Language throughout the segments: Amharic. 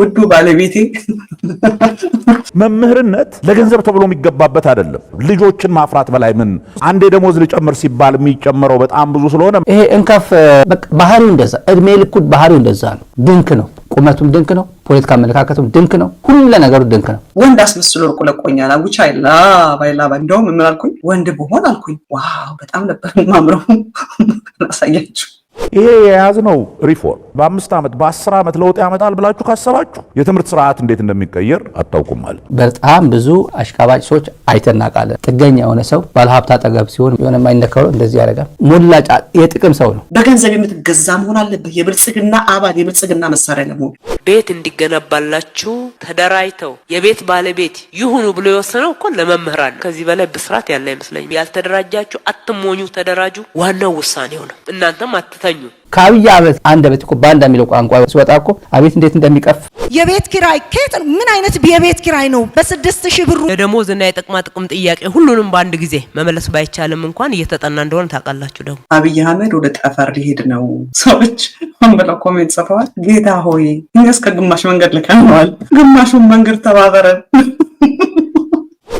ውዱ ባለቤቴ መምህርነት ለገንዘብ ተብሎ የሚገባበት አይደለም። ልጆችን ማፍራት በላይ ምን አንዴ ደሞዝ ልጨምር ሲባል የሚጨምረው በጣም ብዙ ስለሆነ ይሄ እንከፍ ባህሪው እንደዛ እድሜ ልኩ ባህሪው እንደዛ ነው። ድንክ ነው። ቁመቱም ድንክ ነው። ፖለቲካ አመለካከቱም ድንክ ነው። ሁሉ ነገሩ ድንክ ነው። ወንድ አስመስሎ እርቁ ለቆኛል። አጉቻ ይላ ባይላ እንደውም ምን አልኩኝ፣ ወንድ ብሆን አልኩኝ፣ ዋው በጣም ነበር ማምረው። አሳያችሁ ይሄ የያዝ ነው ሪፎርም በአምስት ዓመት በአስር ዓመት ለውጥ ያመጣል ብላችሁ ካሰባችሁ የትምህርት ስርዓት እንዴት እንደሚቀየር አታውቁም ማለት። በጣም ብዙ አሽቃባጭ ሰዎች አይተናቃለን። ጥገኛ የሆነ ሰው ባለሀብት አጠገብ ሲሆን የሆነ የማይነካው እንደዚህ ያደርጋል። ሞላጫ የጥቅም ሰው ነው። በገንዘብ የምትገዛ መሆን አለበት። የብልጽግና አባል የብልጽግና መሳሪያ ለመሆን ቤት እንዲገነባላችሁ ተደራጅተው የቤት ባለቤት ይሁኑ ብሎ የወሰነው እኮ ለመምህራን ከዚህ በላይ ብስራት ያለ አይመስለኝም። ያልተደራጃችሁ አትሞኙ፣ ተደራጁ። ዋናው ውሳኔው ነው። እናንተም አትተኙ። ከአብይ አበት አንድ ቤት እኮ ባንዳ የሚለው ቋንቋ ሲወጣ እኮ አቤት እንዴት እንደሚቀፍ የቤት ኪራይ ከየት ነው? ምን አይነት የቤት ኪራይ ነው? በስድስት ሺህ ብሩ የደሞዝ እና የጥቅማ ጥቅም ጥያቄ ሁሉንም በአንድ ጊዜ መመለስ ባይቻልም እንኳን እየተጠና እንደሆነ ታውቃላችሁ። ደግሞ አብይ አህመድ ወደ ጠፈር ሊሄድ ነው። ሰዎች አንበላ ኮሜንት ጽፈዋል። ጌታ ሆይ እኛ እስከ ግማሽ መንገድ ልከነዋል፣ ግማሹን መንገድ ተባበረን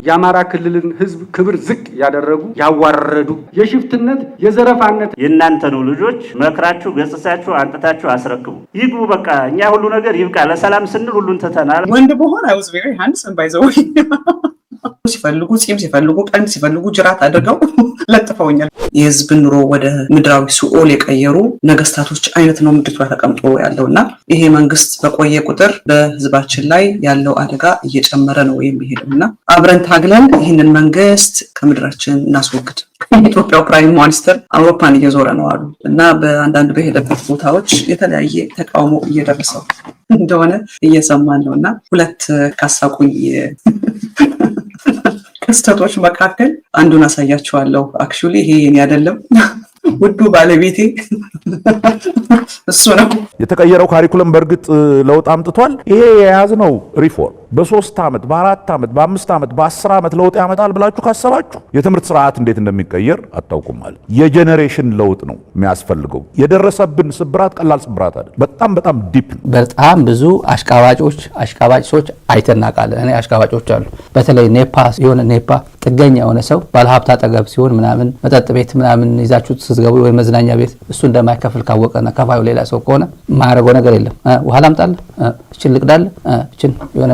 የአማራ ክልልን ህዝብ ክብር ዝቅ ያደረጉ ያዋረዱ፣ የሽፍትነት የዘረፋነት የእናንተ ነው። ልጆች መክራችሁ ገጽሳችሁ አንጥታችሁ አስረክቡ። ይግቡ። በቃ እኛ ሁሉ ነገር ይብቃ። ለሰላም ስንል ሁሉን ትተናል። ወንድ በሆን ሲፈልጉ ፂም ሲፈልጉ ቀንድ ሲፈልጉ ጅራት አድርገው ለጥፈውኛል። የህዝብ ኑሮ ወደ ምድራዊ ሲኦል የቀየሩ ነገስታቶች አይነት ነው ምድሪቷ ተቀምጦ ያለው እና ይሄ መንግስት በቆየ ቁጥር በህዝባችን ላይ ያለው አደጋ እየጨመረ ነው የሚሄደው እና አብረን ታግለን ይህንን መንግስት ከምድራችን እናስወግድ። የኢትዮጵያው ፕራይም ሚኒስትር አውሮፓን እየዞረ ነው አሉ እና በአንዳንድ በሄደበት ቦታዎች የተለያየ ተቃውሞ እየደረሰው እንደሆነ እየሰማን ነው እና ሁለት ካሳቁኝ ክስተቶች መካከል አንዱን አሳያችኋለሁ። አክቹሊ ይሄ የኔ አይደለም፣ ውዱ ባለቤቴ እሱ ነው። የተቀየረው ካሪኩለም በእርግጥ ለውጥ አምጥቷል። ይሄ የያዝነው ሪፎርም በሶስት ዓመት በአራት ዓመት በአምስት ዓመት በአስር ዓመት ለውጥ ያመጣል ብላችሁ ካሰባችሁ የትምህርት ስርዓት እንዴት እንደሚቀየር አታውቁማል። የጄኔሬሽን ለውጥ ነው የሚያስፈልገው። የደረሰብን ስብራት ቀላል ስብራት አይደል፣ በጣም በጣም ዲፕ ነው። በጣም ብዙ አሽቃባጮች አሽቃባጭ ሰዎች አይተናቃለ እኔ አሽቃባጮች አሉ። በተለይ ኔፓ የሆነ ኔፓ ጥገኛ የሆነ ሰው ባለሀብት አጠገብ ሲሆን ምናምን መጠጥ ቤት ምናምን ይዛችሁት ስትገቡ ወይ መዝናኛ ቤት እሱ እንደማይከፍል ካወቀና ከፋዩ ሌላ ሰው ከሆነ የማያደርገው ነገር የለም። ውሃ ላምጣልህ፣ እችን ልቅዳልህ፣ እችን የሆነ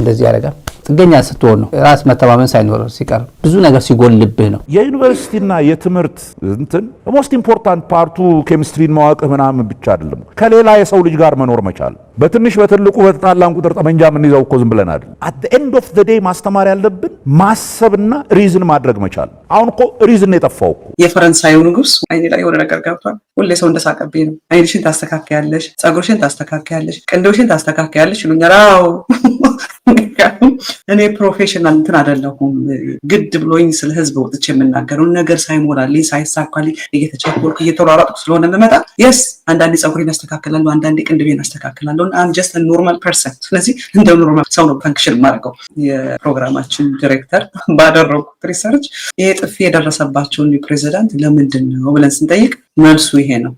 እንደዚህ ያደርጋል። ጥገኛ ስትሆን ነው። ራስ መተማመን ሳይኖር ሲቀር ብዙ ነገር ሲጎልብህ ነው። የዩኒቨርሲቲና የትምህርት እንትን ሞስት ኢምፖርታንት ፓርቱ ኬሚስትሪን ማወቅህ ምናምን ብቻ አይደለም፣ ከሌላ የሰው ልጅ ጋር መኖር መቻል። በትንሽ በትልቁ በተጣላን ቁጥር ጠመንጃ የምንይዘው እኮ ዝም ብለን አይደለም። አት ኤንድ ኦፍ ዘ ዴይ ማስተማር ያለብን ማሰብና ሪዝን ማድረግ መቻል። አሁን እኮ ሪዝን የጠፋው እኮ የፈረንሳዩ ንጉስ አይኔ ላይ የሆነ ነገር ገብቷል። ሁሌ ሰው እንደሳቀብኝ ነው። አይንሽን ታስተካከያለሽ፣ ፀጉርሽን ታስተካከያለሽ፣ ቅንድብሽን ታስተካከያለሽ ይሉኛል። አዎ ምክንያቱም እኔ ፕሮፌሽናል እንትን አደለሁም። ግድ ብሎኝ ስለ ህዝብ ወጥቼ የምናገረውን ነገር ሳይሞላልኝ ሳይሳካልኝ እየተቸኮልኩ እየተሯሯጥኩ ስለሆነ የምመጣ የስ አንዳንዴ ጸጉሬን አስተካክላለሁ፣ አንዳንዴ ቅንድቤ አስተካክላለሁ። አም ጀስት ኖርማል ፐርሰን። ስለዚህ እንደ ኖርማል ሰው ነው ፈንክሽን የማደርገው። የፕሮግራማችን ዲሬክተር ባደረጉት ሪሰርች ይሄ ጥፊ የደረሰባቸውን ፕሬዚዳንት ለምንድን ነው ብለን ስንጠይቅ መልሱ ይሄ ነው።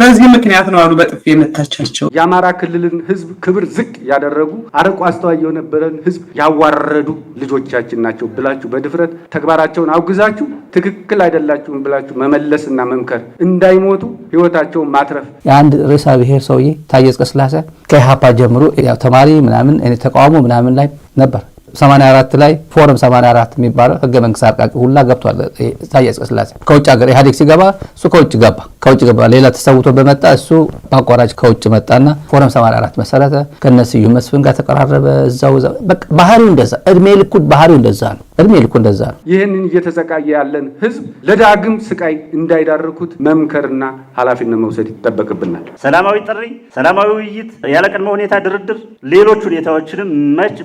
በዚህ ምክንያት ነው አሉ በጥፊ የመታቻቸው። የአማራ ክልልን ህዝብ ክብር ዝቅ ያደረጉ አርቆ አስተዋይ የነበረን ህዝብ ያዋረዱ ልጆቻችን ናቸው ብላችሁ በድፍረት ተግባራቸውን አውግዛችሁ ትክክል አይደላችሁም ብላችሁ መመለስና መምከር እንዳይሞቱ ህይወታቸውን ማትረፍ። የአንድ ርዕሰ ብሔር ሰውዬ ታዬ አጽቀሥላሴ ከኢሃፓ ጀምሮ ተማሪ ምናምን ተቃውሞ ምናምን ላይ ነበር 84 ላይ ፎረም 84 የሚባለው ህገ መንግስት አርቃቂ ሁላ ገብቷል። ኢሳያስ ስላሴ ከውጭ ሀገር ኢህአዴግ ሲገባ እሱ ከውጭ ገባ ከውጭ ገባ ሌላ ተሰውቶ በመጣ እሱ በአቋራጭ ከውጭ መጣና ፎረም 84 መሰረተ። ከነስዩ መስፍን ጋር ተቀራረበ። እዛው በቃ ባህሪው እንደዛ እድሜ ልኩ ባህሪው እንደዛ ነው። እድሜ ልኩ እንደዛ ነው። ይህንን እየተሰቃየ ያለን ህዝብ ለዳግም ስቃይ እንዳይዳርኩት መምከርና ኃላፊነት መውሰድ ይጠበቅብናል። ሰላማዊ ጥሪ፣ ሰላማዊ ውይይት፣ ያለቅድመ ሁኔታ ድርድር፣ ሌሎች ሁኔታዎችንም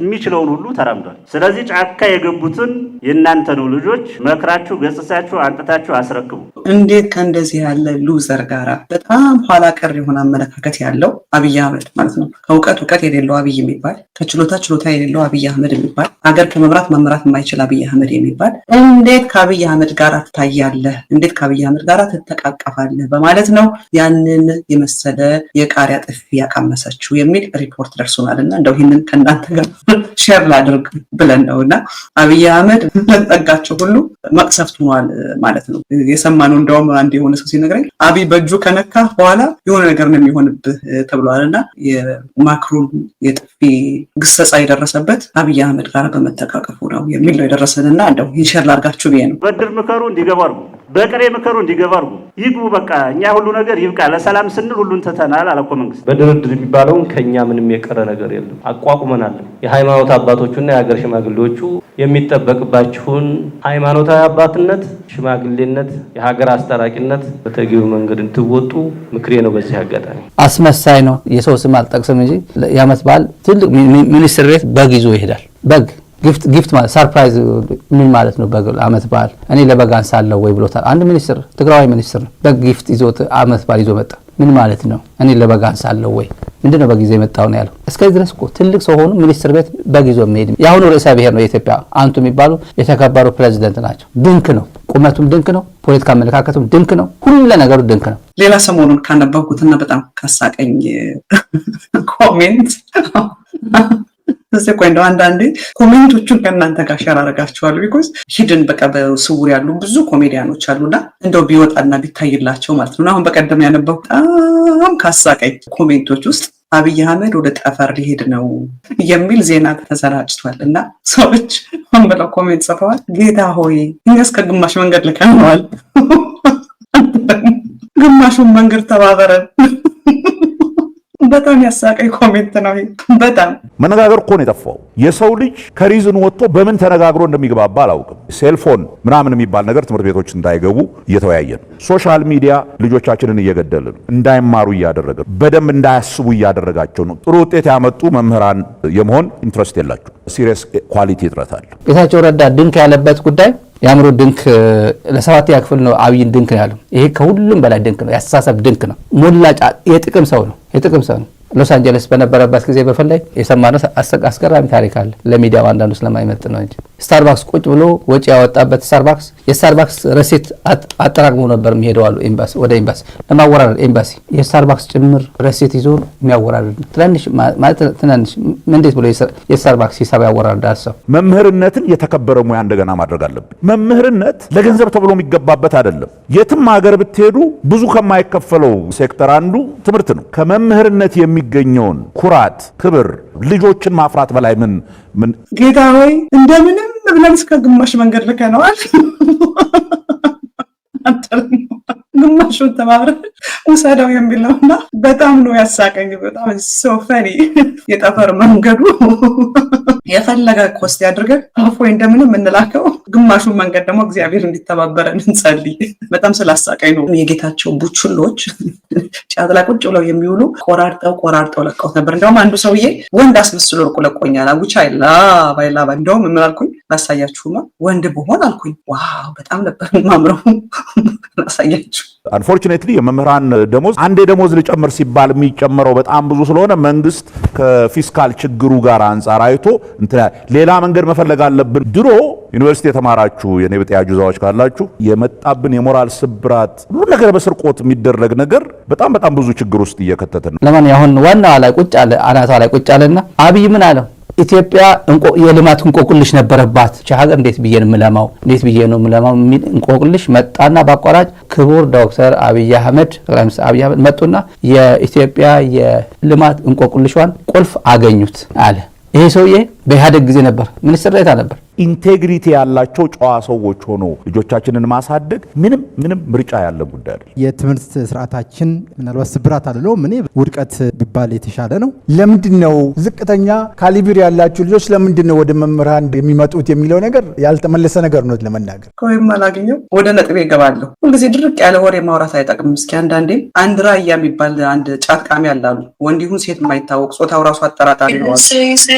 የሚችለውን ሁሉ ተራ ተቀምጧል። ስለዚህ ጫካ የገቡትን የእናንተ ነው ልጆች፣ መክራችሁ፣ ገጽሳችሁ፣ አንጥታችሁ አስረክቡ። እንዴት ከእንደዚህ ያለ ሉዘር ጋራ በጣም ኋላ ቀር የሆነ አመለካከት ያለው አብይ አህመድ ማለት ነው። ከእውቀት እውቀት የሌለው አብይ የሚባል ከችሎታ ችሎታ የሌለው አብይ አህመድ የሚባል ሀገር ከመምራት መምራት የማይችል አብይ አህመድ የሚባል እንዴት ከአብይ አህመድ ጋር ትታያለህ? እንዴት ከአብይ አህመድ ጋር ትተቃቀፋለህ? በማለት ነው ያንን የመሰለ የቃሪያ ጥፊ ያቃመሰችው የሚል ሪፖርት ደርሶናል እና እንደው ይህንን ከእናንተ ጋር ሼር ላድርግ ብለን ነው እና አብይ አህመድ ለተጠጋቸው ሁሉ መቅሰፍት ሆኗል ማለት ነው። የሰማነው እንደውም አንድ የሆነ ሰው ሲነግረኝ አብይ በእጁ ከነካ በኋላ የሆነ ነገር ነው የሚሆንብህ ተብለዋል እና የማክሮን የጥፊ ግሰጻ የደረሰበት አብይ አህመድ ጋር በመተቃቀፉ ነው የሚል ነው የደረሰን እና እንደው ይንሸር ላርጋችሁ ብዬ ነው። በድር ምከሩ እንዲገባ በጥሬ ምከሩ እንዲገባ አድርጉ። ይግቡ፣ በቃ እኛ ሁሉ ነገር ይብቃ፣ ለሰላም ስንል ሁሉን ትተናል አለ እኮ መንግስት። በድርድር የሚባለውን ከእኛ ምንም የቀረ ነገር የለም፣ አቋቁመናልም። የሃይማኖት አባቶቹና የሀገር ሽማግሌዎቹ የሚጠበቅባችሁን ሃይማኖታዊ አባትነት፣ ሽማግሌነት፣ የሀገር አስታራቂነት በተገቢ መንገድ እንትወጡ ምክሬ ነው። በዚህ አጋጣሚ አስመሳይ ነው፣ የሰው ስም አልጠቅስም እንጂ የዓመት በዓል ትልቅ ሚኒስትር ቤት በግ ይዞ ይሄዳል። በግ ጊፍት ማለት ሰርፕራይዝ ምን ማለት ነው? አመት በዓል እኔ ለበግ አንሳለሁ ወይ ብሎታል አንድ ሚኒስትር፣ ትግራዊ ሚኒስትር በግ ጊፍት ይዞት አመት በዓል ይዞ መጣ። ምን ማለት ነው? እኔ ለበግ አንሳለሁ ወይ ምንድን ነው በጊዜ የመጣው ነው ያለው። እስከዚህ ድረስ እኮ ትልቅ ሰው ሆኑ ሚኒስትር ቤት በግ ይዞ የሚሄድ የአሁኑ ርዕሰ ብሔር ነው የኢትዮጵያ አንቱ የሚባሉ የተከበሩ ፕሬዚደንት ናቸው። ድንክ ነው፣ ቁመቱም ድንክ ነው፣ ፖለቲካ አመለካከቱም ድንክ ነው፣ ሁሉም ለነገሩ ድንክ ነው። ሌላ ሰሞኑን ካነበብኩትና በጣም ካሳቀኝ ኮሜንት በዛ ቆይ እንደው አንዳንዴ ኮሜንቶቹን ከእናንተ ጋር ሸር አደርጋችኋለሁ። ቢኮዝ ሂድን በቃ በስውር ያሉ ብዙ ኮሜዲያኖች አሉና እንደው ቢወጣና ቢታይላቸው ማለት ነው። አሁን በቀደም ያነበው በጣም ካሳቀኝ ኮሜንቶች ውስጥ አብይ አህመድ ወደ ጠፈር ሊሄድ ነው የሚል ዜና ተሰራጭቷል እና ሰዎች ሆን ብለው ኮሜንት ጽፈዋል። ጌታ ሆይ እኛ እስከ ግማሽ መንገድ ልከነዋል፣ ግማሹን መንገድ ተባበረን በጣም ያሳቀኝ ኮሜንት ነው። በጣም መነጋገር እኮ ነው የጠፋው። የሰው ልጅ ከሪዝን ወጥቶ በምን ተነጋግሮ እንደሚግባባ አላውቅም። ሴልፎን ምናምን የሚባል ነገር ትምህርት ቤቶች እንዳይገቡ እየተወያየን፣ ሶሻል ሚዲያ ልጆቻችንን እየገደልን እንዳይማሩ እያደረገ በደንብ እንዳያስቡ እያደረጋቸው ነው። ጥሩ ውጤት ያመጡ መምህራን የመሆን ኢንትረስት የላቸው። ሲሪየስ ኳሊቲ እጥረት አለ። ጌታቸው ረዳ ድንክ ያለበት ጉዳይ የአእምሮ ድንክ ለሰባተኛ ክፍል ነው። አብይን ድንክ ነው ያለው። ይሄ ከሁሉም በላይ ድንክ ነው። የአስተሳሰብ ድንክ ነው። ሞላጫ የጥቅም ሰው ነው። የጥቅም ሰው ነው። ሎስ አንጀለስ በነበረበት ጊዜ በፈላይ የሰማነው አስገራሚ ታሪክ አለ። ለሚዲያው አንዳንዱ ስለማይመጥ ነው እንጂ ስታርባክስ ቁጭ ብሎ ወጪ ያወጣበት ስታርባክስ የስታርባክስ ረሴት አጠራቅሞ ነበር የሚሄደዋሉ አሉ ወደ ኤምባሲ ለማወራረድ። ኤምባሲ የስታርባክስ ጭምር ረሴት ይዞ የሚያወራርድ ትናንሽ ማለት ትናንሽ እንዴት ብሎ የስታርባክስ ሂሳብ ያወራርዳል ሰው። መምህርነትን የተከበረ ሙያ እንደገና ማድረግ አለብን። መምህርነት ለገንዘብ ተብሎ የሚገባበት አይደለም። የትም ሀገር ብትሄዱ ብዙ ከማይከፈለው ሴክተር አንዱ ትምህርት ነው። ከመምህርነት የሚገኘውን ኩራት፣ ክብር ልጆችን ማፍራት በላይ ምን ጌታ ሆይ እንደምንም ብለን እስከ ግማሽ መንገድ ልከነዋል። ግማሹን ተባብረ ውሰደው የሚለው እና በጣም ነው ያሳቀኝ። በጣም ሰው ፈኒ የጠፈር መንገዱ የፈለገ ኮስት ያድርገን አፎ እንደምን የምንላከው ግማሹን መንገድ ደግሞ እግዚአብሔር እንዲተባበረን እንጸልይ። በጣም ስላሳቀኝ ነው። የጌታቸው ቡችሎች ጫት ላይ ቁጭ ብለው የሚውሉ ቆራርጠው ቆራርጠው ለቀውት ነበር። እንደውም አንዱ ሰውዬ ወንድ አስመስሎ ርቁ ለቆኛል። አጉቻ ይላ ይላባ። እንደውም ምን አልኩኝ ላሳያችሁማ፣ ወንድ ብሆን አልኩኝ ዋው በጣም ነበር ማምረው ላሳያችሁ አንፎርቹኔትሊ የመምህራን ደሞዝ አንዴ ደሞዝ ልጨምር ሲባል የሚጨምረው በጣም ብዙ ስለሆነ መንግስት ከፊስካል ችግሩ ጋር አንጻር አይቶ ሌላ መንገድ መፈለግ አለብን። ድሮ ዩኒቨርሲቲ የተማራችሁ የኔ ብጤ አጁዛዎች ካላችሁ የመጣብን የሞራል ስብራት ሁሉ ነገር በስርቆት የሚደረግ ነገር በጣም በጣም ብዙ ችግር ውስጥ እየከተትን ነው። ለማንኛውም አሁን ዋናዋ ላይ ቁጭ አለ አናቷ ላይ ቁጭ አለና አብይ ምን አለው? ኢትዮጵያ የልማት እንቆቅልሽ ነበረባት። ቻ ሀገር እንዴት ብዬ ነው የምለማው? እንዴት ብዬ ነው የምለማው የሚል እንቆቅልሽ መጣና በአቋራጭ ክቡር ዶክተር አብይ አህመድ ጠቅላይ ሚኒስትር አብይ አህመድ መጡና የኢትዮጵያ የልማት እንቆቅልሿን ቁልፍ አገኙት አለ ይሄ ሰውዬ በኢህአደግ ጊዜ ነበር። ሚኒስትር ዴኤታ ነበር። ኢንቴግሪቲ ያላቸው ጨዋ ሰዎች ሆኖ ልጆቻችንን ማሳደግ ምንም ምንም ምርጫ ያለ ጉዳይ አይደለም። የትምህርት ስርዓታችን ምናልባት ስብራት አለው እኔ ውድቀት ቢባል የተሻለ ነው። ለምንድን ነው ዝቅተኛ ካሊብር ያላቸው ልጆች ለምንድን ነው ወደ መምህራን የሚመጡት የሚለው ነገር ያልተመለሰ ነገር ነው ለመናገር ከወይም አላገኘው ወደ ነጥቤ ይገባለሁ። ሁልጊዜ ድርቅ ያለ ወሬ ማውራት አይጠቅምም። እስኪ አንዳንዴ አንድ ራያ የሚባል አንድ ጫት ቃሚ አላሉ ወንድ ይሁን ሴት የማይታወቅ ጾታው ራሱ አጠራጣሪ ነዋል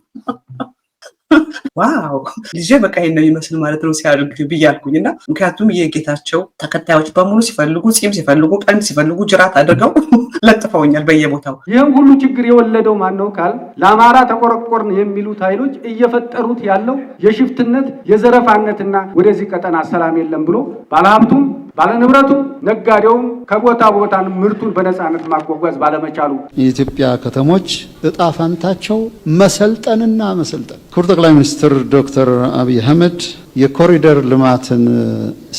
ዋው ልጄ በቃ ይሄን ነው ይመስል ማለት ነው ሲያደርግ ብያልኩኝ እና ምክንያቱም የጌታቸው ተከታዮች በሙሉ ሲፈልጉ ፂም ሲፈልጉ ቀንድ ሲፈልጉ ጅራት አድርገው ለጥፈውኛል በየቦታው። ይህም ሁሉ ችግር የወለደው ማን ነው ካል ለአማራ ተቆረቆርን የሚሉት ኃይሎች እየፈጠሩት ያለው የሽፍትነት የዘረፋነትና ወደዚህ ቀጠና ሰላም የለም ብሎ ባለሀብቱም ባለንብረቱ ነጋዴውም ከቦታ ቦታ ምርቱን በነፃነት ማጓጓዝ ባለመቻሉ የኢትዮጵያ ከተሞች እጣ መሰልጠንና መሰልጠን። ክቡር ጠቅላይ ሚኒስትር ዶክተር አብይ አህመድ የኮሪደር ልማትን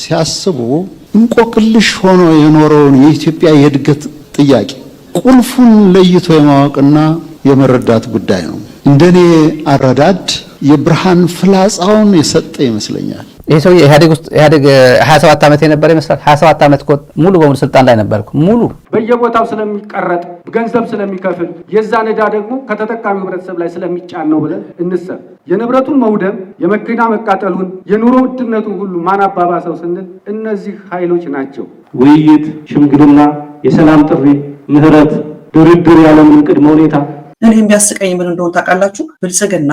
ሲያስቡ እንቆቅልሽ ሆኖ የኖረውን የኢትዮጵያ የእድገት ጥያቄ ቁልፉን ለይቶ የማወቅና የመረዳት ጉዳይ ነው። እንደኔ አረዳድ የብርሃን ፍላጻውን የሰጠ ይመስለኛል። ይህ ሰው ኢህአዴግ ውስጥ ኢህአዴግ 27 ዓመት የነበረ ይመስላል። 27 ዓመት እኮ ሙሉ በሙሉ ስልጣን ላይ ነበርኩ። ሙሉ በየቦታው ስለሚቀረጥ ገንዘብ ስለሚከፍል የዛ ነዳ ደግሞ ከተጠቃሚው ህብረተሰብ ላይ ስለሚጫን ነው ብለን እንሰብ የንብረቱን መውደም፣ የመኪና መቃጠሉን፣ የኑሮ ውድነቱን ሁሉ ማን አባባሰው ስንል እነዚህ ኃይሎች ናቸው። ውይይት፣ ሽምግልና፣ የሰላም ጥሪ፣ ምህረት፣ ድርድር ያለምን ቅድመ ሁኔታ እኔ የሚያስቀኝ ምን እንደሆነ ታውቃላችሁ? ብልጽግና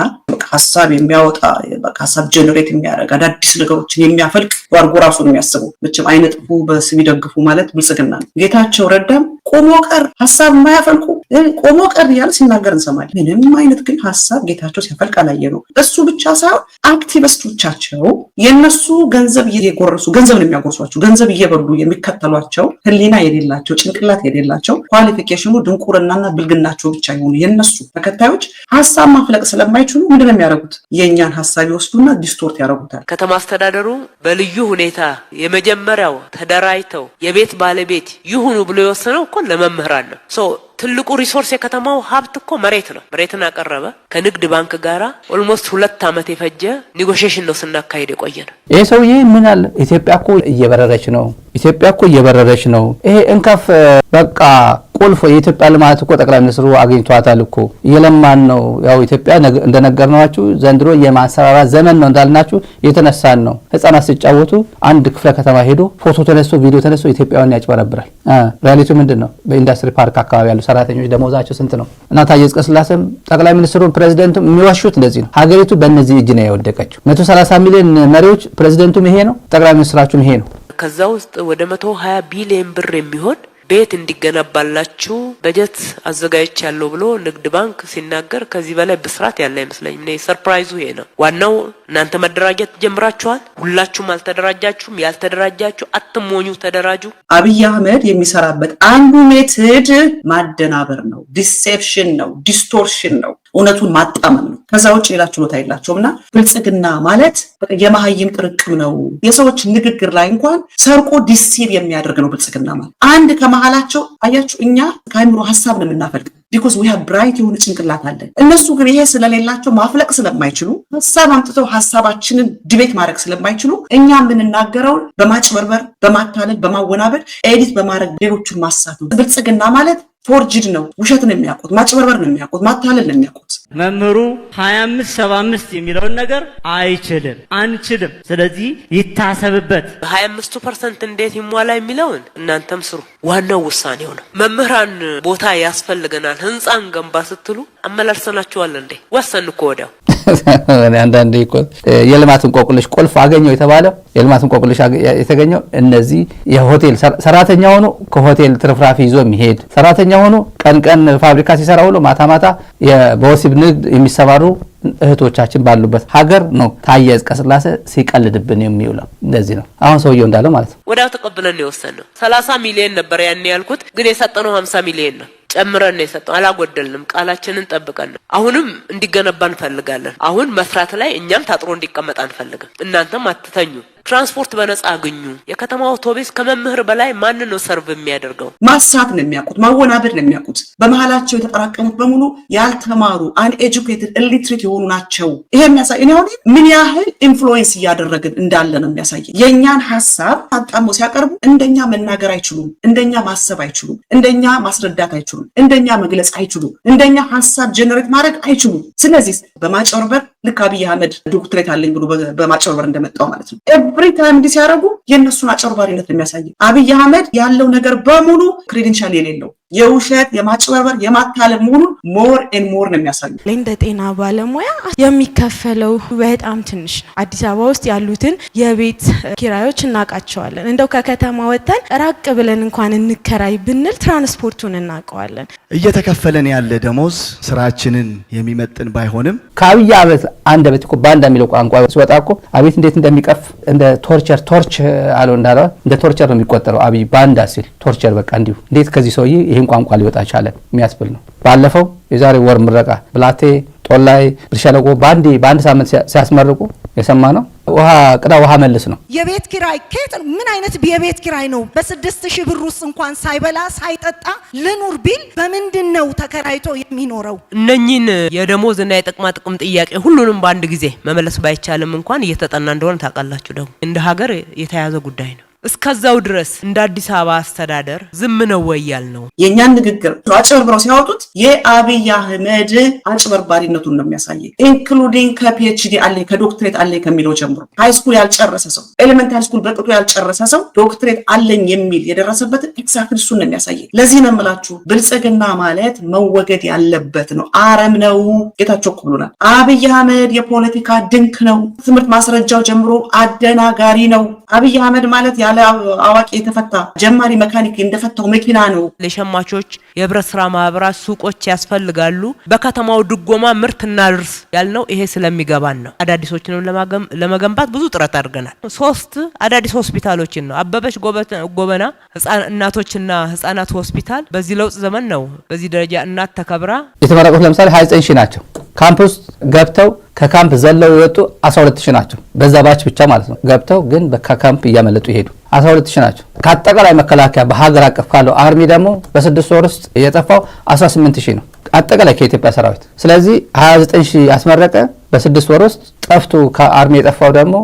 ሀሳብ የሚያወጣ ሀሳብ ጀኔሬት የሚያደርግ አዳዲስ ነገሮችን የሚያፈልቅ አድርጎ ራሱ ነው የሚያስበው። መቼም አይነጥፉ በስም ይደግፉ ማለት ብልጽግና ነው። ጌታቸው ረዳም ቆሞ ቀር ሀሳብ የማያፈልቁ ቆሞ ቀር እያለ ሲናገር እንሰማለን። ምንም አይነት ግን ሀሳብ ጌታቸው ሲያፈልቅ አላየ ነው። እሱ ብቻ ሳይሆን አክቲቪስቶቻቸው የነሱ ገንዘብ እየጎረሱ ገንዘብ ነው የሚያጎርሷቸው፣ ገንዘብ እየበሉ የሚከተሏቸው ህሊና የሌላቸው ጭንቅላት የሌላቸው ኳሊፊኬሽኑ ድንቁርናና ብልግናቸው ብቻ የሆኑ የነሱ ተከታዮች ሀሳብ ማፍለቅ ስለማይችሉ ነው የሚያደርጉት? የእኛን ሀሳብ ይወስዱና ዲስቶርት ያደርጉታል። ከተማ አስተዳደሩ በልዩ ሁኔታ የመጀመሪያው ተደራጅተው የቤት ባለቤት ይሁኑ ብሎ የወሰነው እኮ ለመምህራን ነው። ሶ ትልቁ ሪሶርስ የከተማው ሀብት እኮ መሬት ነው። መሬትን አቀረበ። ከንግድ ባንክ ጋር ኦልሞስት ሁለት ዓመት የፈጀ ኔጎሽሽን ነው ስናካሄድ የቆየ ነው። ይህ ሰውዬ ምን አለ ኢትዮጵያ እኮ እየበረረች ነው፣ ኢትዮጵያ እኮ እየበረረች ነው። ይሄ እንካፍ በቃ ቁልፍ የኢትዮጵያ ልማት እኮ ጠቅላይ ሚኒስትሩ አግኝቷታል እኮ እየለማን ነው። ያው ኢትዮጵያ እንደነገርናችሁ ዘንድሮ የማንሰራራት ዘመን ነው እንዳልናችሁ የተነሳን ነው። ህጻናት ሲጫወቱ አንድ ክፍለ ከተማ ሄዶ ፎቶ ተነስቶ ቪዲዮ ተነስቶ ኢትዮጵያውያን ያጭበረብራል። ሪያሊቲ ምንድን ነው? በኢንዱስትሪ ፓርክ አካባቢ ያሉ ሰራተኞች ደሞዛቸው ስንት ነው? እና ታዬ አጽቀሥላሴም ጠቅላይ ሚኒስትሩን ፕሬዚደንቱም የሚዋሹት እንደዚህ ነው። ሀገሪቱ በእነዚህ እጅ ነው ያወደቀችው። 130 ሚሊዮን መሪዎች ፕሬዚደንቱም ይሄ ነው፣ ጠቅላይ ሚኒስትራችሁም ይሄ ነው። ከዛ ውስጥ ወደ መቶ 20 ቢሊዮን ብር የሚሆን ቤት እንዲገነባላችሁ በጀት አዘጋጅች ያለው ብሎ ንግድ ባንክ ሲናገር ከዚህ በላይ ብስራት ያለ አይመስለኝም። እኔ ሰርፕራይዙ ይሄ ነው። ዋናው እናንተ መደራጀት ጀምራችኋል። ሁላችሁም አልተደራጃችሁም። ያልተደራጃችሁ አትሞኙ፣ ተደራጁ። አብይ አህመድ የሚሰራበት አንዱ ሜትድ ማደናበር ነው፣ ዲሴፕሽን ነው፣ ዲስቶርሽን ነው። እውነቱን ማጣመም ነው። ከዛ ውጭ ሌላ ችሎታ የላቸውም። እና ብልጽግና ማለት የመሀይም ጥርቅም ነው። የሰዎች ንግግር ላይ እንኳን ሰርቆ ዲሲር የሚያደርግ ነው ብልጽግና ማለት። አንድ ከመሀላቸው አያችሁ፣ እኛ ከአይምሮ ሀሳብ ነው የምናፈልቀው ቢኮዝ ዊ ሃቭ ብራይት የሆነ ጭንቅላት አለን። እነሱ ግን ይሄ ስለሌላቸው ማፍለቅ ስለማይችሉ ሀሳብ አምጥተው ሀሳባችንን ድቤት ማድረግ ስለማይችሉ እኛ የምንናገረውን በማጭበርበር፣ በማታለል፣ በማወናበድ ኤዲት በማድረግ ሌሎችን ማሳት ነው ብልጽግና ማለት። ፎርጅድ ነው። ውሸት ነው የሚያውቁት፣ ማጭበርበር ነው የሚያውቁት፣ ማታለል ነው የሚያውቁት። መምህሩ 2575 የሚለውን ነገር አይችልም፣ አንችልም። ስለዚህ ይታሰብበት። 25 ፐርሰንት እንዴት ይሟላ የሚለውን እናንተም ስሩ። ዋናው ውሳኔው ነው። መምህራን ቦታ ያስፈልገናል፣ ህንፃን ገንባ ስትሉ አመላልሰናችኋል እንዴ? ወሰን እኮ ወዲያው አንዳንድ የልማት እንቆቅልሽ ቁልፍ አገኘው የተባለ የልማት እንቆቅልሽ የተገኘው እነዚህ የሆቴል ሰራተኛ ሆኖ ከሆቴል ትርፍራፊ ይዞ የሚሄድ ሰራተኛ ሰራተኛ ሆኖ ቀን ቀን ፋብሪካ ሲሰራ ውሎ ማታ ማታ በወሲብ ንግድ የሚሰማሩ እህቶቻችን ባሉበት ሀገር ነው ታየ ዕዝቀ ሲቀልድብን የሚውለው እንደዚህ ነው። አሁን ሰውየው እንዳለው ማለት ነው። ወዲያው ተቀብለን የወሰን ነው። ሰላሳ ሚሊዮን ነበር ያን ያልኩት፣ ግን የሰጠነው ሀምሳ ሚሊዮን ነው። ጨምረን ነው የሰጠው። አላጎደልንም። ቃላችንን ጠብቀን ነው። አሁንም እንዲገነባ እንፈልጋለን። አሁን መስራት ላይ እኛም ታጥሮ እንዲቀመጥ አንፈልግም። እናንተም አትተኙ። ትራንስፖርት በነጻ አገኙ። የከተማ አውቶቡስ ከመምህር በላይ ማን ነው ሰርቭ የሚያደርገው? ማሳት ነው የሚያውቁት፣ ማወናበድ ነው የሚያውቁት። በመሀላቸው የተጠራቀሙት በሙሉ ያልተማሩ አንኤጁኬትድ ኢሊትሬት የሆኑ ናቸው። ይሄ የሚያሳይ እኔ አሁን ምን ያህል ኢንፍሉዌንስ እያደረግን እንዳለ ነው የሚያሳየ። የእኛን ሀሳብ አጣሞ ሲያቀርቡ እንደኛ መናገር አይችሉም፣ እንደኛ ማሰብ አይችሉም፣ እንደኛ ማስረዳት አይችሉም፣ እንደኛ መግለጽ አይችሉም፣ እንደኛ ሀሳብ ጀነሬት ማድረግ አይችሉም። ስለዚህ በማጨርበር ልክ አብይ አህመድ ዶክትሬት አለኝ ብሎ በማጨርበር እንደመጣው ማለት ነው ኦፕሬት እንዲ ሲያደርጉ የእነሱን አጭበርባሪነት ነው የሚያሳየው። አብይ አህመድ ያለው ነገር በሙሉ ክሬዴንሻል የሌለው የውሸት የማጭበርበር የማታለል መሆኑን ሞር ኤን ሞር ነው የሚያሳዩ። እንደ ጤና ባለሙያ የሚከፈለው በጣም ትንሽ ነው። አዲስ አበባ ውስጥ ያሉትን የቤት ኪራዮች እናውቃቸዋለን። እንደው ከከተማ ወጥተን ራቅ ብለን እንኳን እንከራይ ብንል ትራንስፖርቱን እናውቀዋለን። እየተከፈለን ያለ ደሞዝ ስራችንን የሚመጥን ባይሆንም ከአብይ አበት አንድ በት ባንዳ የሚለው ቋንቋ ሲወጣ እኮ አቤት እንዴት እንደሚቀፍ እንደ ቶርቸር ቶርች አለው እንዳለ እንደ ቶርቸር ነው የሚቆጠረው። አብይ ባንዳ ሲል ቶርቸር በቃ እንዲሁ እንዴት ከዚህ ሰውዬ ይህን ቋንቋ ሊወጣ ቻለ የሚያስብል ነው። ባለፈው የዛሬ ወር ምረቃ ብላቴ ጦላይ ብርሸለቆ በአንድ በአንድ ሳምንት ሲያስመርቁ የሰማ ነው። ውሃ ቅዳ ውሃ መልስ ነው። የቤት ኪራይ ኬት ምን አይነት የቤት ኪራይ ነው? በስድስት ሺህ ብር ውስጥ እንኳን ሳይበላ ሳይጠጣ ልኑር ቢል በምንድን ነው ተከራይቶ የሚኖረው? እነኚህን የደሞዝ እና የጥቅማ ጥቅም ጥያቄ ሁሉንም በአንድ ጊዜ መመለስ ባይቻልም እንኳን እየተጠና እንደሆነ ታውቃላችሁ። ደግሞ እንደ ሀገር የተያዘ ጉዳይ ነው። እስከዛው ድረስ እንደ አዲስ አበባ አስተዳደር ዝም ነው ወይ ነው የእኛን ንግግር አጭበርብረው ሲያወጡት የአብይ አህመድ አጭበርባሪነቱን ነው የሚያሳየኝ። ኢንክሉዲንግ ከፒኤችዲ አለ ከዶክትሬት አለኝ ከሚለው ጀምሮ ሃይስኩል ያልጨረሰ ሰው ኤሌመንት ሃይስኩል በቅጡ ያልጨረሰ ሰው ዶክትሬት አለኝ የሚል የደረሰበትን ኤግዛክት እሱን ነው ለዚህ ነው የምላችሁ ብልጽግና ማለት መወገድ ያለበት ነው። አረም ነው። ጌታቸው እኮ ብሎናል። አብይ አህመድ የፖለቲካ ድንክ ነው። ትምህርት ማስረጃው ጀምሮ አደናጋሪ ነው። አብይ አህመድ ማለት ያለ አዋቂ የተፈታ ጀማሪ መካኒክ እንደፈታው መኪና ነው። ለሸማቾች የህብረት ስራ ማህበራት ሱቆች ያስፈልጋሉ። በከተማው ድጎማ ምርት እናድርስ ያልነው ይሄ ስለሚገባን ነው። አዳዲሶችንም ለመገንባት ብዙ ጥረት አድርገናል። ሶስት አዳዲስ ሆስፒታሎችን ነው አበበች ጎበና እናቶችና ህጻናት ሆስፒታል በዚህ ለውጥ ዘመን ነው በዚህ ደረጃ እናት ተከብራ የተመረቁት ለምሳሌ 29 ሺህ ናቸው። ካምፕ ውስጥ ገብተው ከካምፕ ዘለው የወጡ 12 ሺህ ናቸው። በዛ ባች ብቻ ማለት ነው። ገብተው ግን በካምፕ እያመለጡ ይሄዱ 12 ሺህ ናቸው። ከአጠቃላይ መከላከያ በሀገር አቀፍ ካለው አርሚ ደግሞ በስድስት ወር ውስጥ የጠፋው 18 ሺህ ነው አጠቃላይ ከኢትዮጵያ ሰራዊት። ስለዚህ 29 ሺህ ያስመረቀ በስድስት ወር ውስጥ ጠፍቶ ከአርሜ የጠፋው ደግሞ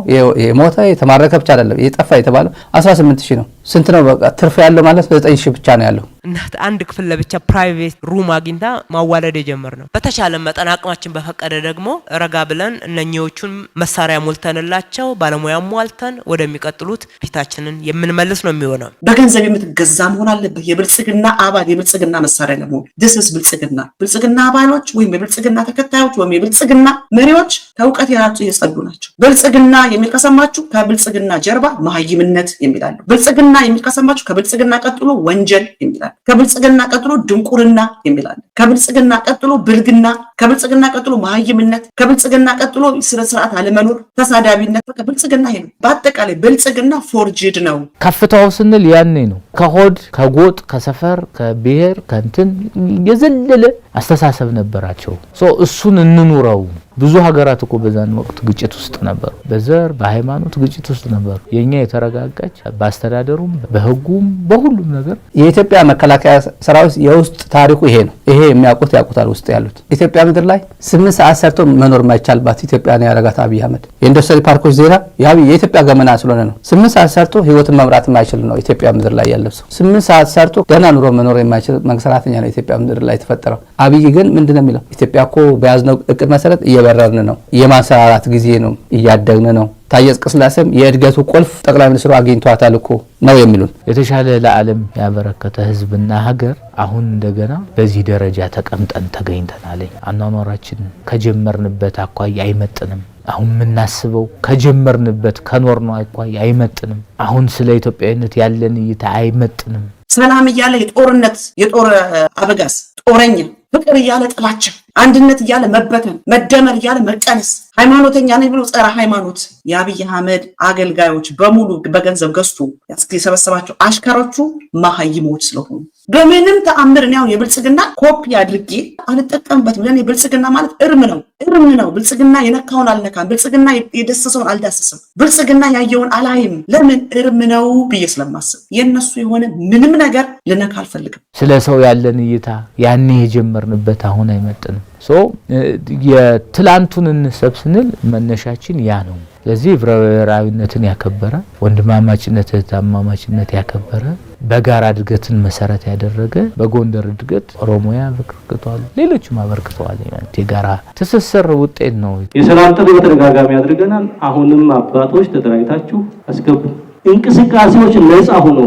የሞተ የተማረከ ብቻ አይደለም፣ የጠፋ የተባለ 18 ሺህ ነው። ስንት ነው? በቃ ትርፍ ያለው ማለት ዘጠኝ ሺህ ብቻ ነው ያለው። እናት አንድ ክፍል ለብቻ ፕራይቬት ሩም አግኝታ ማዋለድ የጀመር ነው። በተቻለ መጠን አቅማችን በፈቀደ ደግሞ ረጋ ብለን እነኚዎቹን መሳሪያ ሞልተንላቸው ባለሙያ ሟልተን ወደሚቀጥሉት ፊታችንን የምንመልስ ነው የሚሆነው። በገንዘብ የምትገዛ መሆን አለብህ። የብልጽግና አባል የብልጽግና መሳሪያ ለመሆን ድስስ ብልጽግና ብልጽግና አባሎች ወይም የብልጽግና ተከታዮች ወይም የብልጽግና መሪዎች ከእውቀት ያ ከህሊናቸው የጸዱ ናቸው። ብልጽግና የሚል ከሰማችሁ ከብልጽግና ጀርባ መሀይምነት የሚላሉ፣ ብልጽግና የሚል ከሰማችሁ ከብልጽግና ቀጥሎ ወንጀል የሚላሉ፣ ከብልጽግና ቀጥሎ ድንቁርና የሚላሉ፣ ከብልጽግና ቀጥሎ ብልግና፣ ከብልጽግና ቀጥሎ መሀይምነት፣ ከብልጽግና ቀጥሎ ስነ ስርዓት አለመኖር፣ ተሳዳቢነት። ብልጽግና ይሄ ነው። በአጠቃላይ ብልጽግና ፎርጅድ ነው። ከፍታው ስንል ያኔ ነው። ከሆድ ከጎጥ ከሰፈር ከብሔር ከንትን የዘለለ አስተሳሰብ ነበራቸው። እሱን እንኑረው። ብዙ ሀገራት እኮ በዛን ወቅት ግጭት ውስጥ ነበሩ። በዘር በሃይማኖት ግጭት ውስጥ ነበሩ። የእኛ የተረጋጋች በአስተዳደሩም በህጉም በሁሉም ነገር የኢትዮጵያ መከላከያ ሰራዊት የውስጥ ታሪኩ ይሄ ነው። ይሄ የሚያውቁት ያውቁታል። ውስጥ ያሉት ኢትዮጵያ ምድር ላይ ስምንት ሰዓት ሰርቶ መኖር ማይቻልባት ኢትዮጵያ ነው ያረጋት አብይ አህመድ። የኢንዱስትሪ ፓርኮች ዜና የኢትዮጵያ ገመና ስለሆነ ነው። ስምንት ሰዓት ሰርቶ ህይወትን መምራት የማይችል ነው ኢትዮጵያ ምድር ላይ ያለው ሰው። ስምንት ሰዓት ሰርቶ ደህና ኑሮ መኖር የማይችል መንግስት ሰራተኛ ነው ኢትዮጵያ ምድር ላይ የተፈጠረው። አብይ ግን ምንድነው የሚለው ኢትዮጵያ እኮ በያዝነው እቅድ መሰረት እየበረርን ነው። የማሰራራት ጊዜ ነው። እያደግን ነው። ታዬ አጽቀሥላሴም የእድገቱ ቁልፍ ጠቅላይ ሚኒስትሩ አግኝቷታል እኮ ነው የሚሉን የተሻለ ለዓለም ያበረከተ ህዝብና ሀገር አሁን እንደገና በዚህ ደረጃ ተቀምጠን ተገኝተናል። አኗኗራችን ከጀመርንበት አኳያ አይመጥንም። አሁን የምናስበው ከጀመርንበት ከኖርነው አኳያ አይመጥንም። አሁን ስለ ኢትዮጵያዊነት ያለን እይታ አይመጥንም። ሰላም እያለ የጦርነት የጦር አበጋዝ ጦረኛ ፍቅር እያለ ጥላቻ፣ አንድነት እያለ መበተን፣ መደመር እያለ መቀነስ፣ ሃይማኖተኛ ነኝ ብሎ ጸረ ሃይማኖት የአብይ አህመድ አገልጋዮች በሙሉ በገንዘብ ገዝቶ የሰበሰባቸው አሽከሮቹ መሀይሞች ስለሆኑ በምንም ተአምር እኔ አሁን የብልጽግና ኮፒ አድርጌ አልጠቀምበትም። ለእኔ ብልጽግና ማለት እርም ነው፣ እርም ነው። ብልጽግና የነካውን አልነካም። ብልጽግና የደሰሰውን አልዳሰስም ብልጽግና ያየውን አላይም። ለምን እርም ነው ብዬ ስለማስብ የእነሱ የሆነ ምንም ነገር ልነካ አልፈልግም። ስለ ሰው ያለን እይታ ያኔ የጀመርንበት አሁን አይመጥንም። የትላንቱን እንሰብ ስንል መነሻችን ያ ነው። ስለዚህ ህብረብሔራዊነትን ያከበረ ወንድማማችነት፣ እህትማማችነት ያከበረ በጋራ እድገትን መሰረት ያደረገ በጎንደር እድገት ኦሮሞያ አበርክተዋል፣ ሌሎችም አበርክተዋል። የጋራ ትስስር ውጤት ነው። የሰላም ጥሪ በተደጋጋሚ አድርገናል። አሁንም አባቶች ተደራጅታችሁ አስገቡ። እንቅስቃሴዎች ነጻ ሆኖ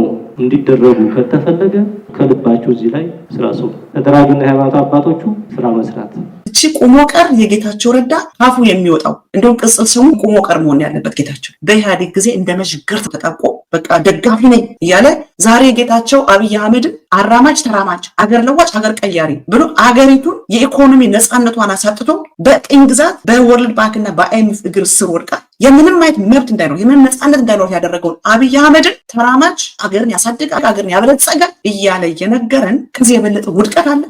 እንዲደረጉ ከተፈለገ ከልባችሁ እዚህ ላይ ስራ ሰው ተደራጁና ሃይማኖት አባቶቹ ስራ መስራት እቺ ቁሞ ቀር የጌታቸው ረዳ አፉ የሚወጣው እንደውም ቅጽል ስሙ ቁሞ ቀር መሆን ያለበት ጌታቸው በኢህአዴግ ጊዜ እንደ መዥገር ተጠቆ በቃ ደጋፊ ነኝ እያለ ዛሬ ጌታቸው አብይ አህመድን አራማጅ ተራማጅ አገር ለዋጭ አገር ቀያሪ ብሎ አገሪቱን የኢኮኖሚ ነፃነቷን አሳጥቶ በቅኝ ግዛት በወርልድ ና በአይምፍ እግር ስር ወድቃ የምንም አይነት መብት እንዳይኖር የምንም ነፃነት እንዳይኖር ያደረገውን አብይ አህመድን ተራማጅ አገርን ያሳድጋል አገርን ያበለጸጋል እያለ እየነገረን ከዚህ የበለጠ ውድቀት አለ።